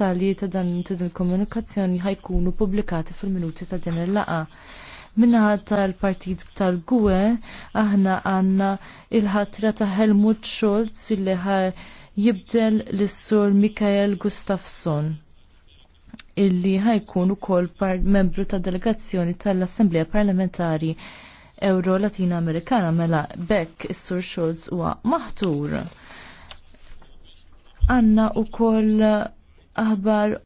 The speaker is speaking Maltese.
dettalji ta' dan il-komunikazzjoni ħajkunu pubblikati fil-minuti ta' din il-laqa. Minnaħa tal-partit tal-Gwe, aħna għanna il-ħatra ta' Helmut Scholz illi jibdel l-sur Mikael Gustafsson illi ħajkun ukoll membru ta' delegazzjoni tal-Assemblea Parlamentari Euro Latina Amerikana mela Beck is-Sur Scholz huwa maħtur. Anna u kol aħbar